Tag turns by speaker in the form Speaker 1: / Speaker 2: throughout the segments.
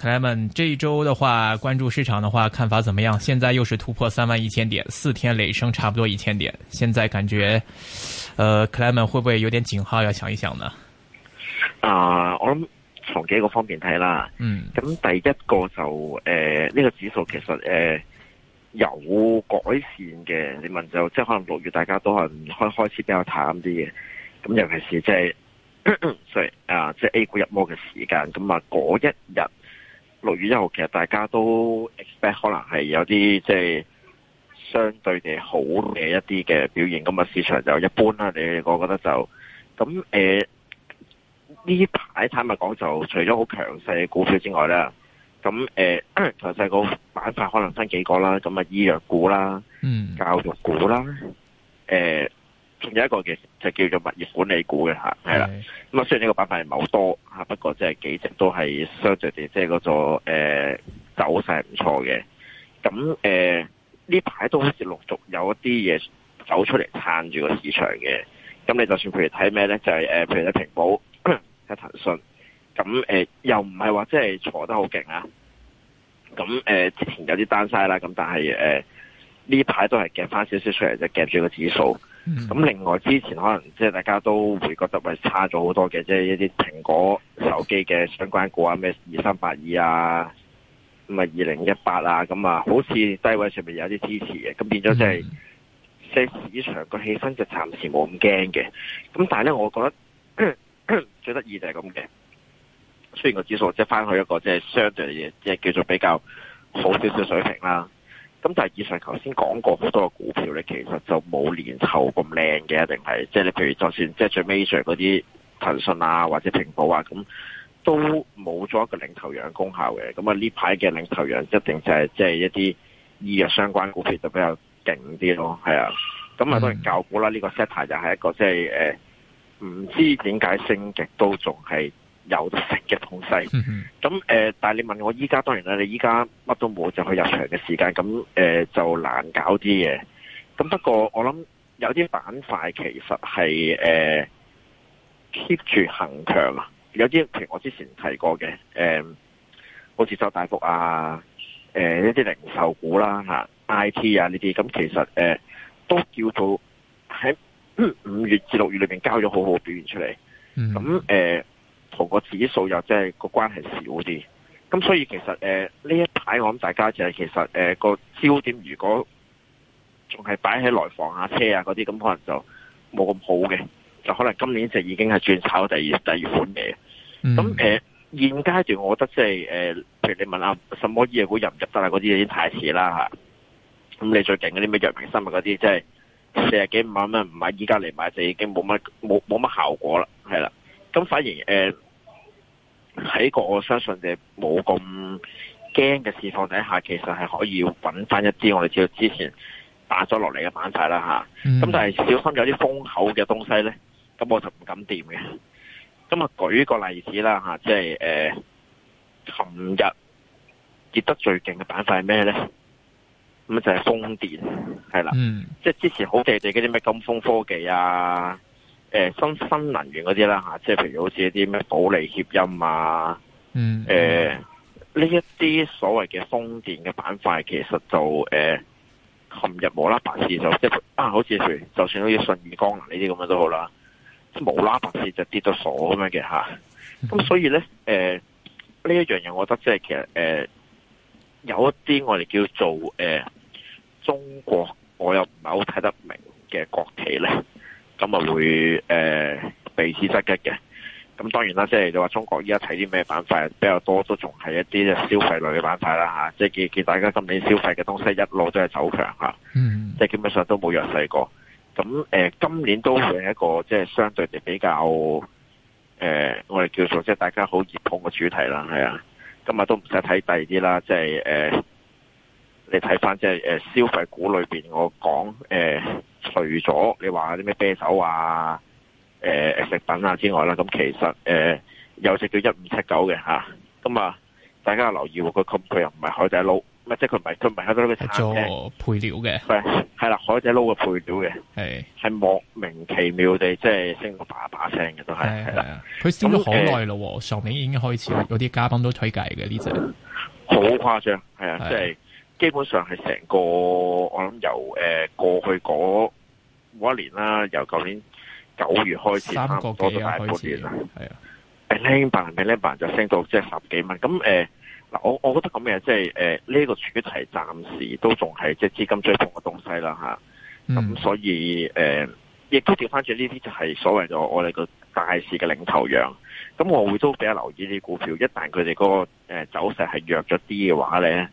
Speaker 1: 克萊們，這一周的話，關注市場的話，看法怎麼樣？現在又是突破三萬一千點，四天累升差不多一千點。現在感覺，呃，克萊們會不會有點警號要想一想呢？
Speaker 2: 啊、呃，我諗從幾個方面睇啦，嗯，咁第一個就誒呢、呃這個指數其實誒、呃、有改善嘅，你問就即係可能六月大家都係開開始比較淡啲嘅，咁尤其是即、就、係、是，所以啊，即係 A 股入魔嘅時間，咁啊嗰一日。六月一號，其實大家都 expect 可能係有啲即係相對地好嘅一啲嘅表現，咁、那、啊、個、市場就一般啦。你我覺得就咁誒呢排坦白講就除咗好強勢嘅股票之外咧，咁誒、呃、強勢個板塊可能分幾個啦，咁啊醫藥股啦，
Speaker 3: 嗯，
Speaker 2: 教育股啦，誒、呃。仲有一個嘅就叫做物業管理股嘅嚇，係啦。咁啊的雖然呢個板塊唔係好多嚇，不過即係幾隻都係相對地即係嗰個、呃、走勢唔錯嘅。咁誒呢排都開始陸續有一啲嘢走出嚟撐住個市場嘅。咁你就算譬如睇咩咧？就係、是、誒、呃、譬如啲平保、喺騰訊，咁誒、呃、又唔係話即係坐得好勁啊。咁誒、呃、之前有啲單晒啦，咁但係誒呢排都係夾翻少少出嚟，就係夾住個指數。咁、嗯、另外之前可能即係大家都會覺得喂，差咗好多嘅，即、就、係、是、一啲蘋果手機嘅相關股啊，咩二三八二啊，咁啊二零一八啊，咁啊，好似低位上面有啲支持嘅，咁變咗即係即市場個氣氛就暫時冇咁驚嘅。咁但係咧，我覺得最得意就係咁嘅，雖然個指數即係翻去一個即係相對嚟嘅，即、就、係、是、叫做比較好少少水平啦。咁但係以上頭先講過好多股票咧，其實就冇年頭咁靚嘅，一定係即係你譬如就算即係最 major 嗰啲騰訊啊或者蘋果啊咁，都冇咗一個領頭羊功效嘅。咁啊呢排嘅領頭羊一定就係即係一啲醫藥相關股票就比較勁啲咯，係啊。
Speaker 1: 咁啊當然
Speaker 2: 舊股啦，呢個 set 牌就係一個即係誒，唔知點解升極都仲係。有得食嘅東西，咁誒、呃，但係你問我依家，當然啦，你依家乜都冇，就去入場嘅時間，咁誒、呃、就難搞啲嘅。咁不過我諗有啲板塊其實係誒 keep 住恆強啊，有啲譬如我之前提過嘅，誒、呃，好似周大福啊，誒、呃、一啲零售股啦吓，I T 啊呢啲，咁、啊、其實誒、呃、都叫做喺五月至六月裏邊交咗好好表現出嚟，咁誒。 同個指數又即係個關係少啲，咁所以其實呢、呃、一排我諗大家就係其實個、呃、焦點如果仲係擺喺內房下、啊、車啊嗰啲，咁可能就冇咁好嘅，就可能今年就已經係轉炒第二第二款嘢。咁、嗯呃、現階段，我覺得即係誒，譬、呃、如你問下，什麼嘢藥會入唔入得啦嗰啲已經太遲啦咁、啊、你最勁嗰啲咩藥明生物嗰啲，即、就、係、是、四十幾萬蚊唔買，依家嚟買就已經冇乜冇冇乜效果啦，係啦。咁反而誒，喺、呃、個我相信嘅冇咁驚嘅市況底下，其實係可以揾翻一啲我哋知道之前打咗落嚟嘅板塊啦吓，
Speaker 3: 咁、啊 mm. 但係
Speaker 2: 小心有啲封口嘅東西咧，咁我就唔敢掂嘅。咁啊，舉個例子啦吓、啊，即係誒琴日跌得最勁嘅板塊係咩咧？咁就係風電，係啦，mm. 即係之前好地地嗰啲咩金風科技啊。誒、呃，新新能源嗰啲啦吓，即係譬如好似一啲咩保利協鑫啊，嗯，誒、呃，呢一啲所謂嘅風電嘅板塊，其實就誒，琴日冇啦啦跌就即啊，好似譬如就算好似信義光能呢啲咁樣都好啦，即係無啦啦跌就跌到傻咁樣嘅吓，咁、啊、所以咧，誒、呃，呢一樣嘢，我覺得即係其實誒、呃，有一啲我哋叫做誒、呃，中國我又唔係好睇得明嘅國企咧。咁咪會誒、呃、被此失擊嘅，咁當然啦，即係你話中國依家睇啲咩板塊比較多都是，都仲係一啲消費類嘅板塊啦嚇，即係見見大家今年消費嘅東西一路都係走強嚇、啊，即係基本上都冇弱勢過。咁誒、呃、今年都係一個即係相對地比較誒、呃，我哋叫做即係大家好熱捧嘅主題啦，係啊，今日都唔使睇第二啲啦，即係誒、呃，你睇翻即係誒、呃、消費股裏邊，我講誒。除咗你話啲咩啤酒啊、誒、呃、食品啊之外啦，咁其實誒、呃、又有隻叫一五七九嘅吓，咁啊大家留意佢咁，佢又唔係海底撈，即係佢唔係佢唔係海底撈嘅配料嘅，係啦海底撈嘅配料嘅係係莫名其妙地即係升到把把聲嘅都係係啦，佢升咗好耐
Speaker 1: 咯，嗯、上年已經開始嗰啲嘉賓都推介嘅呢隻
Speaker 2: 好誇張係啊，即係基本上係成個我諗由誒、呃、過去嗰。冇一年啦，由舊年九月開始，差唔多都大半年啦。係啊，百 link 百零百 n 就升到即係十幾蚊。咁誒，嗱、呃、我我覺得咁嘅，即係誒呢個主題暫時都仲係即係資金追捧嘅東西啦吓。
Speaker 3: 咁、啊嗯、所
Speaker 2: 以誒、呃、亦都調翻轉呢啲就係所謂嘅我哋個大市嘅領頭羊。咁我會都比較留意啲股票，一旦佢哋嗰個誒走勢係弱咗啲嘅話咧，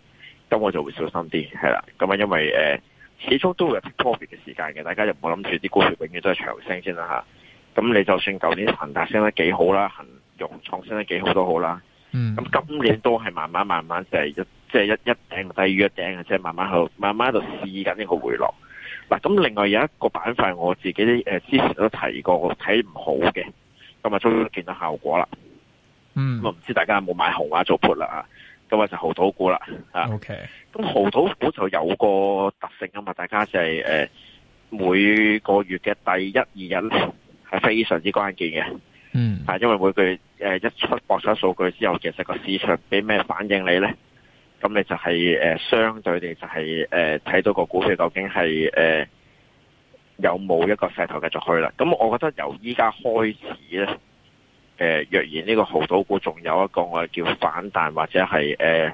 Speaker 2: 咁我就會小心啲係啦。咁啊，因為誒。呃始終都會有脫手嘅時間嘅，大家又唔好諗住啲股票永遠都係長升先啦吓。咁、啊、你就算舊年恒達升得幾好啦，恒融創新得幾好都好啦。咁、嗯、今年都係慢慢慢慢就是，就係、是、一即係一頂低於一頂低於一頂嘅，即、就、係、是、慢慢去慢慢就試緊呢個回落。嗱，咁另外有一個板塊，我自己誒之前都提過，我睇唔好嘅，咁啊終於都見到效果啦。
Speaker 3: 咁啊
Speaker 2: 唔知大家有冇買紅話做 put 啦啊？咁啊就濠賭股啦，吓，
Speaker 3: 咁濠賭股
Speaker 2: 就有個特性啊嘛，大家就係、是、誒、呃、每個月嘅第一二日係非常之關鍵嘅，嗯，mm. 因為每個月誒、呃、一出博出數據之後，其實個市場俾咩反應你咧，咁你就係、是、誒、呃、相對地就係誒睇到個股票究竟係誒、呃、有冇一個勢頭繼續去啦，咁我覺得由依家開始咧。誒、呃，若然呢個濠賭股仲有一個我哋叫反彈或者係誒、呃、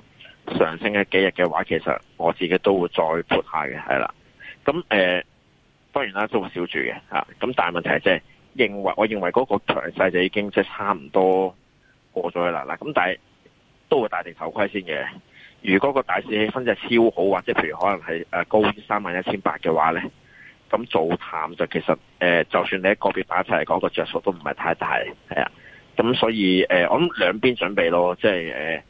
Speaker 2: 上升嘅幾日嘅話，其實我自己都會再撥下嘅，係啦。咁誒、呃，當然啦，都會小注嘅吓。咁、啊、但係問題係即係認為，我認為嗰個強勢就已經即係差唔多過咗去啦。嗱、啊，咁但係都會戴定頭盔先嘅。如果個大市氣氛真係超好，或者譬如可能係誒高於三萬一千八嘅話咧，咁造淡就其實誒、呃，就算你喺個別板塊嚟講個着數都唔係太大，係啊。咁所以，誒、呃，我諗兩邊準備咯，即係誒、呃，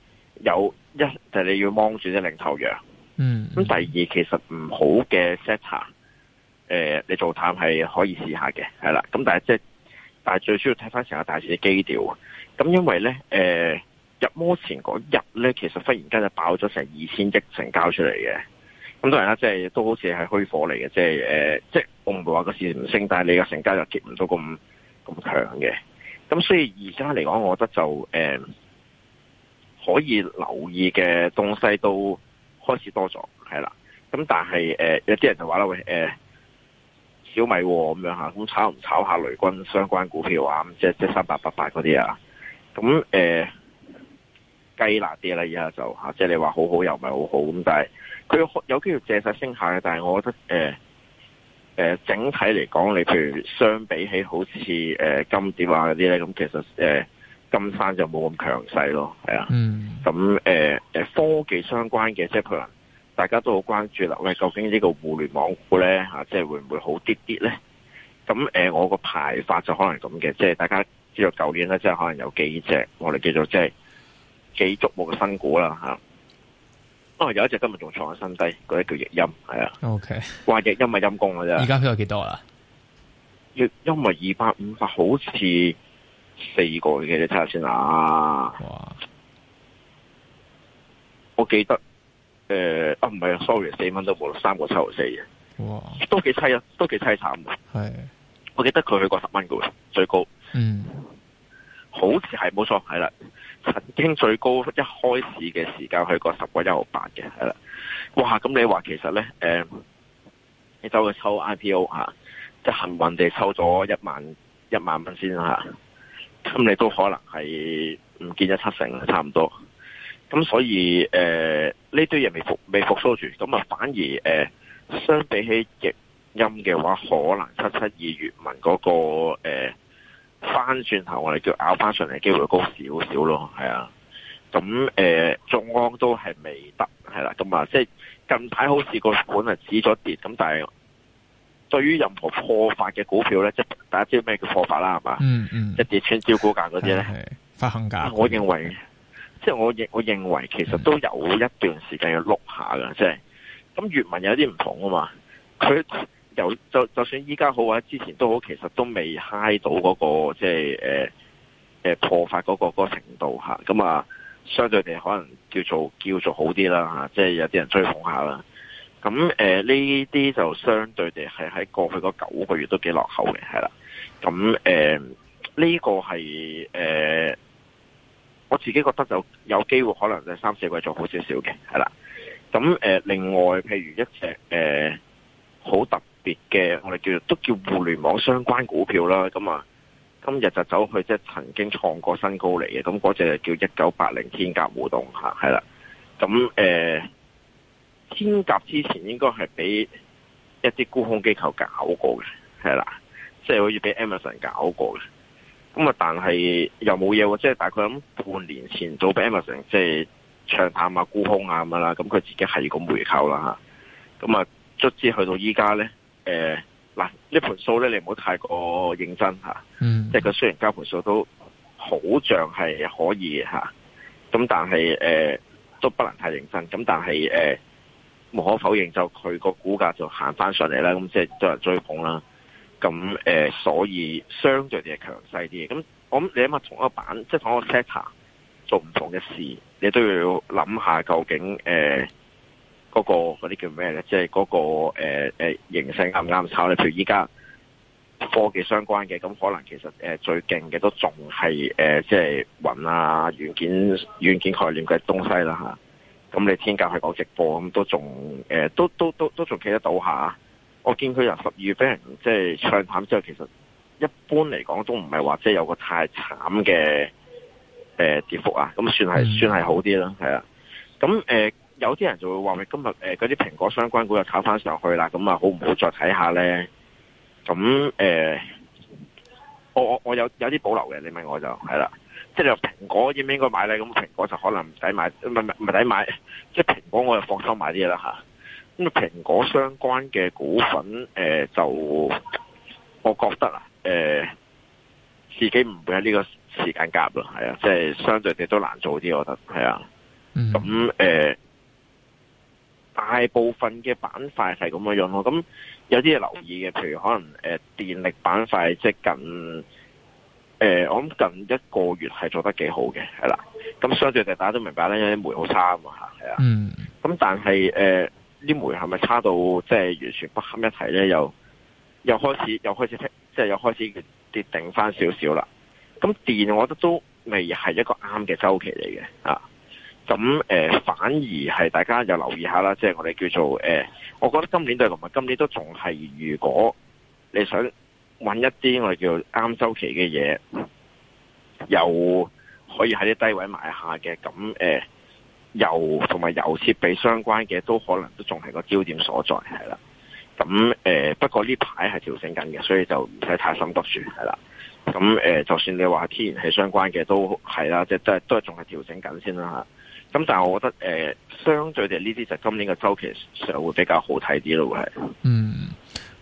Speaker 2: 有一就你要望住啲領頭羊，嗯，咁、嗯、第二其實唔好嘅 setter，誒、呃，你做探係可以試下嘅，係啦，咁但係即係，但係最主要睇翻成個大市嘅基調。咁因為咧，誒、呃，入摩前嗰日咧，其實忽然間就爆咗成二千億成交出嚟嘅。咁當然啦，即係都好似係虛火嚟嘅，即係，誒、呃，即係我唔會話個市唔升，但係你個成交就接唔到咁咁強嘅。咁所以而家嚟講，我覺得就誒、呃、可以留意嘅東西都開始多咗，係啦。咁但係誒、呃，有啲人就話啦喂，誒、欸、小米咁樣吓，咁炒唔炒下雷軍相關股票啊？咁即即三八八八嗰啲啊？咁誒，雞辣啲啦，而家就吓，即係、呃、你話好好又唔係好好。咁但係佢有有機會借勢升下嘅，但係我覺得誒。呃誒、呃，整體嚟講，你譬如相比起好似誒、呃、金蝶啊嗰啲咧，咁其實誒、呃、金山就冇咁強勢咯，係啊。咁誒誒科技相關嘅，即係可能大家都好關注啦。喂，究竟呢個互聯網股咧吓，即係會唔會好啲啲咧？咁誒、呃，我個排法就可能咁嘅，即係大家知道年，舊年咧即係可能有幾隻我哋叫做即係幾矚目嘅新股啦吓。啊哦，有一隻今日仲創下新低，嗰隻叫逆音，係啊。O K，話逆音咪陰功啦啫。而家飄到幾多啊？逆音咪二百五發，好似四個嘅，你睇下先啊。哇！我記得，誒、呃，啊，唔係啊，sorry，四蚊都冇，三個七毫四嘅。哇
Speaker 3: 都，
Speaker 2: 都幾凄啊，都幾凄慘。係，我記得佢去過十蚊嘅喎，最高。
Speaker 3: 嗯，
Speaker 2: 好似係冇錯，係啦。曾經最高一開始嘅時間去過十個一毫八嘅，係啦。哇，咁你話其實咧，誒、嗯，你走去抽 IPO 嚇、啊，即係幸運地抽咗一萬一萬蚊先嚇，咁、啊、你都可能係唔見咗七成差唔多。咁所以誒，呢堆嘢未復未復甦住，咁啊反而誒、呃，相比起極音嘅話，可能七七二月文嗰個、呃翻轉頭我哋叫拗翻上嚟，機會高少少咯，係啊，咁誒、呃、中安都係未得係啦，咁啊即係近排好似個股係止咗跌，咁但係對於任何破發嘅股票咧，即係大家知道咩叫破發啦，係嘛、嗯，嗯嗯，即跌穿招股價嗰啲咧，係發行價，我認為的即係我認我認為其實都有一段時間要碌下噶，嗯、即係咁粵文有啲唔同啊嘛，佢。有就就算依家好或者之前都好，其實都未嗨到嗰、嗰個即係、就是呃呃、破發嗰、嗰個嗰個程度咁啊，相對地可能叫做叫做好啲啦，即係有啲人追捧下啦。咁呢啲就相對地係喺過去嗰九個月都幾落後嘅，係啦。咁、啊、呢、啊這個係、啊、我自己覺得就有機會可能就三四季做好少少嘅，係啦。咁、啊啊、另外譬如一隻好、啊、特別。別嘅我哋叫都叫互聯網相關股票啦，咁啊，今日就走去即係、就是、曾經創過新高嚟嘅，咁嗰隻就叫一九八零天鴿互動吓，係啦，咁誒、呃，天鴿之前應該係俾一啲沽空機構搞過嘅，係啦，即係好似俾 Emerson 搞過嘅，咁啊，但係又冇嘢喎，即、就、係、是、大概咁半年前早俾 Emerson 即係唱淡啊沽空啊咁啦，咁佢自己係個回購啦吓，咁啊，卒之去到依家咧。誒，嗱呢、呃、盤數咧，你唔好太過認真吓，嗯、即係佢雖然交盤數都好像係可以吓，咁但係誒、呃、都不能太認真。咁但係誒、呃、無可否認，就佢個股價就行翻上嚟啦，咁即係多人追捧啦。咁誒、呃，所以相對啲係強勢啲嘅。咁我諗你起碼同一個版即係同一個 sector 做唔同嘅事，你都要諗下究竟誒。呃嗰、那個嗰啲叫咩咧？即係嗰個誒、呃、形勢啱唔啱炒咧？譬如依家科技相關嘅，咁可能其實、呃、最勁嘅都仲係誒即係雲啊、軟件、軟件概念嘅東西啦、啊、咁你天價去講直播咁都仲、呃、都都都都仲企得到下、啊。我見佢由十二月俾人即係暢談之後，其實一般嚟講都唔係話即係有個太慘嘅誒跌幅啊。咁算係、嗯、算係好啲啦，係啦、啊。咁誒。呃有啲人就會話：咪今日誒，嗰啲蘋果相關股又炒翻上去啦，咁啊，好唔好再睇下咧？咁誒、呃，我我我有有啲保留嘅，你問我就係啦。即係你話蘋果應唔應該買咧？咁蘋果就可能唔使買，唔唔唔使買。即係蘋果我就放心買啲嘢啦吓。咁蘋果相關嘅股份誒、呃，就我覺得啊，誒、呃，自己唔會有呢個時間夾啦，係啊，即係相對地都難做啲，我覺得係啊。咁誒。嗯大部分嘅板塊係咁嘅樣咯，咁有啲嘢留意嘅，譬如可能誒、呃、電力板塊，即係近誒、呃，我諗近一個月係做得幾好嘅，係啦。咁相對地，大家都明白咧，有啲煤好差啊嘛，係啊。嗯，是。咁但係誒，啲煤係咪差到即係完全不堪一提咧？又又開始，又開始即係又開始跌定返少少啦。咁電，我覺得都未係一個啱嘅周期嚟嘅啊。咁、呃、反而係大家就留意下啦，即、就、係、是、我哋叫做誒、呃，我覺得今年對同埋今年都仲係，如果你想搵一啲我哋叫做啱週期嘅嘢，又可以喺啲低位買下嘅，咁誒，油同埋油設備相關嘅都可能都仲係個焦點所在係啦。咁誒、呃，不過呢排係調整緊嘅，所以就唔使太心急住係啦。咁誒、呃，就算你話天然氣相關嘅都係啦，即係都係都仲係調整緊先啦。咁但係我覺得誒、呃，相對地呢啲就今年嘅周期上會比較好睇啲咯，會係。嗯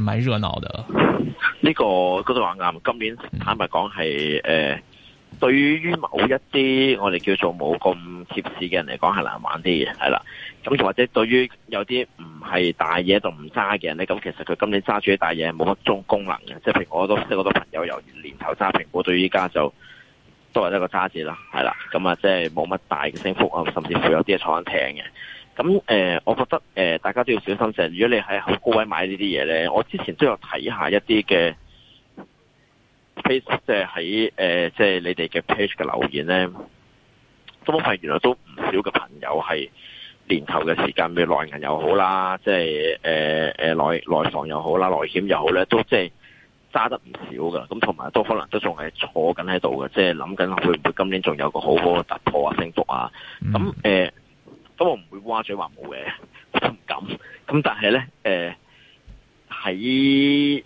Speaker 1: 係蠻熱鬧的。
Speaker 2: 呢、這個嗰度話啱今年坦白講係誒，對於某一啲我哋叫做冇咁貼士嘅人嚟講係難玩啲嘅，係啦。咁或者對於有啲唔係大嘢，就唔揸嘅人咧，咁其實佢今年揸住啲大嘢冇乜種功能嘅。即係譬如我都即係好多朋友由年頭揸蘋果到依家就都係一個揸字啦，係啦。咁啊，即係冇乜大嘅升幅啊，甚至乎有啲係坐緊艇嘅。咁誒、呃，我覺得誒、呃，大家都要小心嘅。如果你喺好高位買呢啲嘢咧，我之前都有睇下一啲嘅、 呃就是、page，即係喺即係你哋嘅 page 嘅留言咧，都發現原來都唔少嘅朋友係年頭嘅時間，無論內銀又好啦，即係誒內房又好啦，內險又好咧，都即係揸得唔少噶。咁同埋都可能都仲係坐緊喺度嘅，即係諗緊會唔會今年仲有個好好嘅突破啊、升幅啊。咁誒。呃咁我唔會歪嘴話冇嘅，我都唔敢。咁但係咧，誒、呃、喺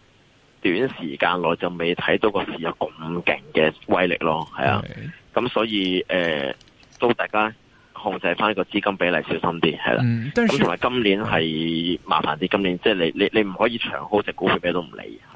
Speaker 2: 短時間內就未睇到個市有咁勁嘅威力咯，係啊。咁所以誒、呃，都大家控制翻個資金比例，小心啲係啦。咁同埋今年係麻煩啲，今年即係、就是、你你你唔可以長好隻股票咩都唔理。嗯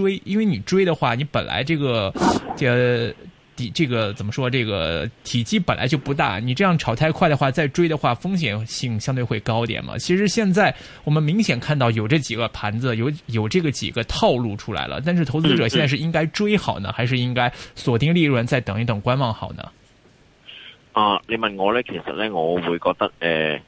Speaker 1: 追，因為你追的話，你本來這個，呃，底這個、這個、怎麼說？這個體積本來就不大，你這樣炒太快的話，再追的話，風險性相對會高點嘛。其實現在我們明顯看到有這幾個盤子，有有這個幾個套路出來了。但是投資者現在是應該追好呢，還是應該鎖定利潤再等一等觀望好呢？
Speaker 2: 啊，你問我呢，其實呢，我會覺得，呃。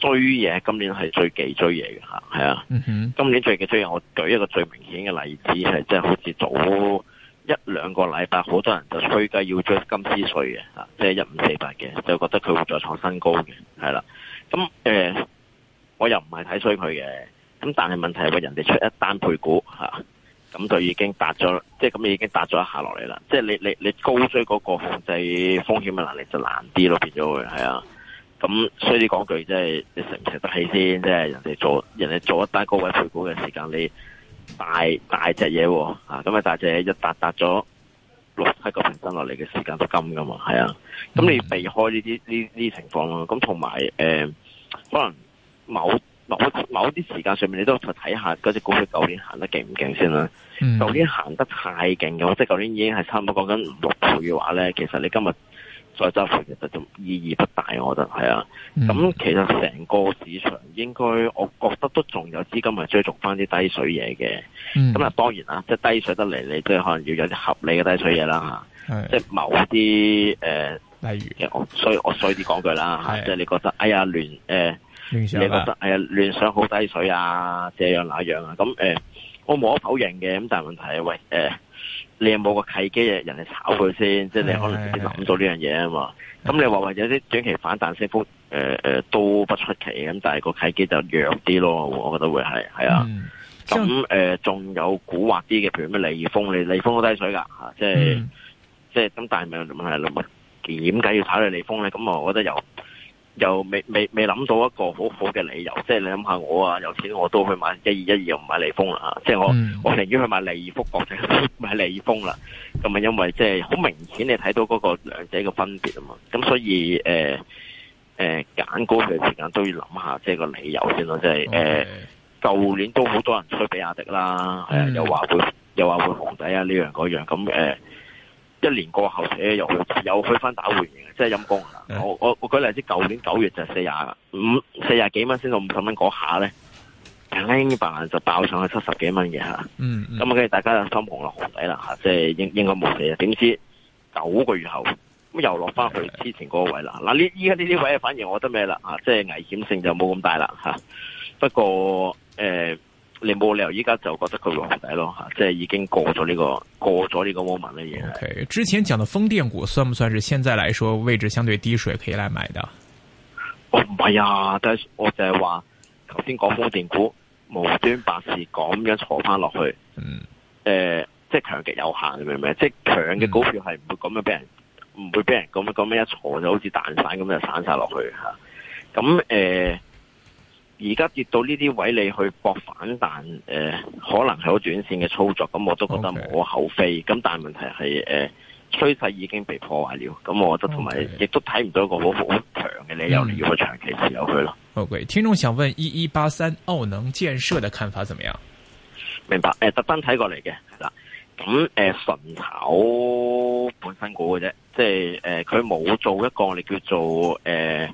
Speaker 2: 追嘢，今年係最忌追嘢嘅吓，係啊。嗯、哼今年最忌追嘢，我舉一個最明顯嘅例子，係即係好似早一兩個禮拜，好多人就吹雞要追金斯瑞嘅吓，即、啊、係、就是、一五四八嘅，就覺得佢會再創新高嘅，係啦、啊。咁誒、呃，我又唔係睇衰佢嘅，咁但係問題係人哋出一單配股吓，咁、啊、就已經達咗，即係咁已經達咗一下落嚟啦。即、就、係、是、你你你高追嗰個控制風險嘅能力就難啲咯，變咗佢係啊。咁衰啲講句，即係你食唔食得起先？即係人哋做人哋做一單高位配股嘅時間，你大大隻嘢喎，咁啊大隻嘢一達達咗六七個 percent 落嚟嘅時間都金噶嘛，係啊，咁你避開呢啲呢啲情況咯。咁同埋誒，可能某某某啲時間上面，你都睇下嗰隻股票舊年行得勁唔勁先啦。舊、嗯、年行得太勁嘅，即係舊年已經係差唔多講緊六倍嘅話咧，其實你今日。再執法其實就意義不大，我覺得係啊。咁、嗯、其實成個市場應該，我覺得都仲有資金係追逐翻啲低水嘢嘅。咁啊、嗯、當然啦，即係低水得嚟，你即係可能要有啲合理嘅低水嘢啦嚇。是的即係某一啲誒，呃、例如嘅我，所以我衰我衰啲講句啦的即係你覺得哎呀亂誒，呃、
Speaker 3: 亂你覺得
Speaker 2: 哎呀亂想好低水啊，這樣那樣啊。咁誒、呃，我冇得否認嘅，咁但係問題係喂誒。呃你有冇個契機嘅人嚟炒佢先它？的即係你可能自己諗到呢樣嘢啊嘛。咁的你話或者啲短期反彈升幅，誒、呃、誒、呃，都不出奇。咁但係個契機就弱啲咯，我覺得會係係啊。咁誒，仲有古惑啲嘅，譬如咩利豐，利利豐都低水噶吓、啊，即係、嗯、即係。咁但係問題係，點解要炒呢？利豐咧？咁我覺得又。又未未未諗到一個很好好嘅理由，即係你諗下我啊，有錢我都去買一二一二，又唔買利豐啦、啊，即係我、嗯、我寧願去買利福國際或者買利豐啦，咁啊因為即係好明顯你睇到嗰個兩者嘅分別啊嘛，咁所以誒誒揀股嘅時間都要諗下，即係個理由先咯，即係誒舊年都好多人吹比亞迪啦，係、嗯、啊，又話會又話會紅底啊呢樣嗰樣咁誒。一年過後又，又去又去翻，打回型，即係，係陰功，我我我舉例子，舊年九月就四廿五、四廿幾蚊先到五十蚊嗰下咧，應板，就爆上去七十幾蚊嘅吓，咁啊跟住大家就心紅啦，紅底啦吓，即係應應該冇事啊。點知九個月後咁又落翻去之前嗰個位啦？嗱，呢依家呢啲位反而我覺得咩啦，即係危險性就冇咁大啦吓，不過誒。呃你冇理由依家就覺得佢會低咯嚇，即係已經過咗呢個過咗呢個 moment 嘅嘢。O K，
Speaker 1: 之前講嘅風電股算唔算是現在來說位置相對低水可以嚟買的？
Speaker 2: 我唔係啊，但係我就係話頭先講風電股無端白事咁樣挫翻落去。嗯。誒，即係強極有限，明唔明？即係強嘅股票係唔會咁樣俾人，唔會俾人咁樣咁樣一挫就好似彈散咁樣散晒落去嚇。咁誒。而家跌到呢啲位，你去搏反彈，誒、呃，可能係好短線嘅操作，咁我都覺得無可厚非。咁 Okay. 但係問題係，誒、呃，趨勢已經被破壞了，咁我覺得同埋亦都睇唔 Okay. 到一個好強嘅理由，你又你要去長期持有佢咯。
Speaker 1: OK，聽眾想問：一一八三澳能建設嘅看法怎麼樣？
Speaker 2: 明白，誒、呃，特登睇過嚟嘅，係啦，咁誒，純炒、呃、本身股嘅啫，即係誒，佢、呃、冇做一個我哋叫做，誒、呃，誒、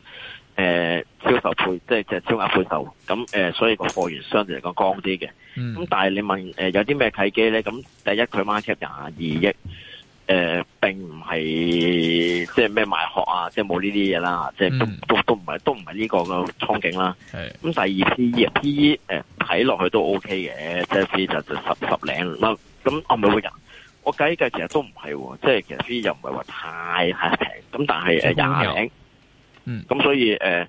Speaker 2: 呃。銷售配即係即係超額配售，咁、嗯、誒，所以個貨源相對嚟講光啲嘅。
Speaker 3: 咁、嗯、
Speaker 2: 但係你問誒有啲咩契機咧？咁第一佢 market 廿二億，誒、呃，並唔係即係咩賣殼啊，即係冇呢啲嘢啦，即係都都都唔係都唔係呢個嘅憧憬啦。咁第二 P E P E 誒睇落去都 O K 嘅，即係就，就十十零啦。咁我唔係喎，我計嘅其實都唔係、哦，即係其實 P E 又唔係話太係平。咁但係誒廿零，咁、嗯、所以誒。呃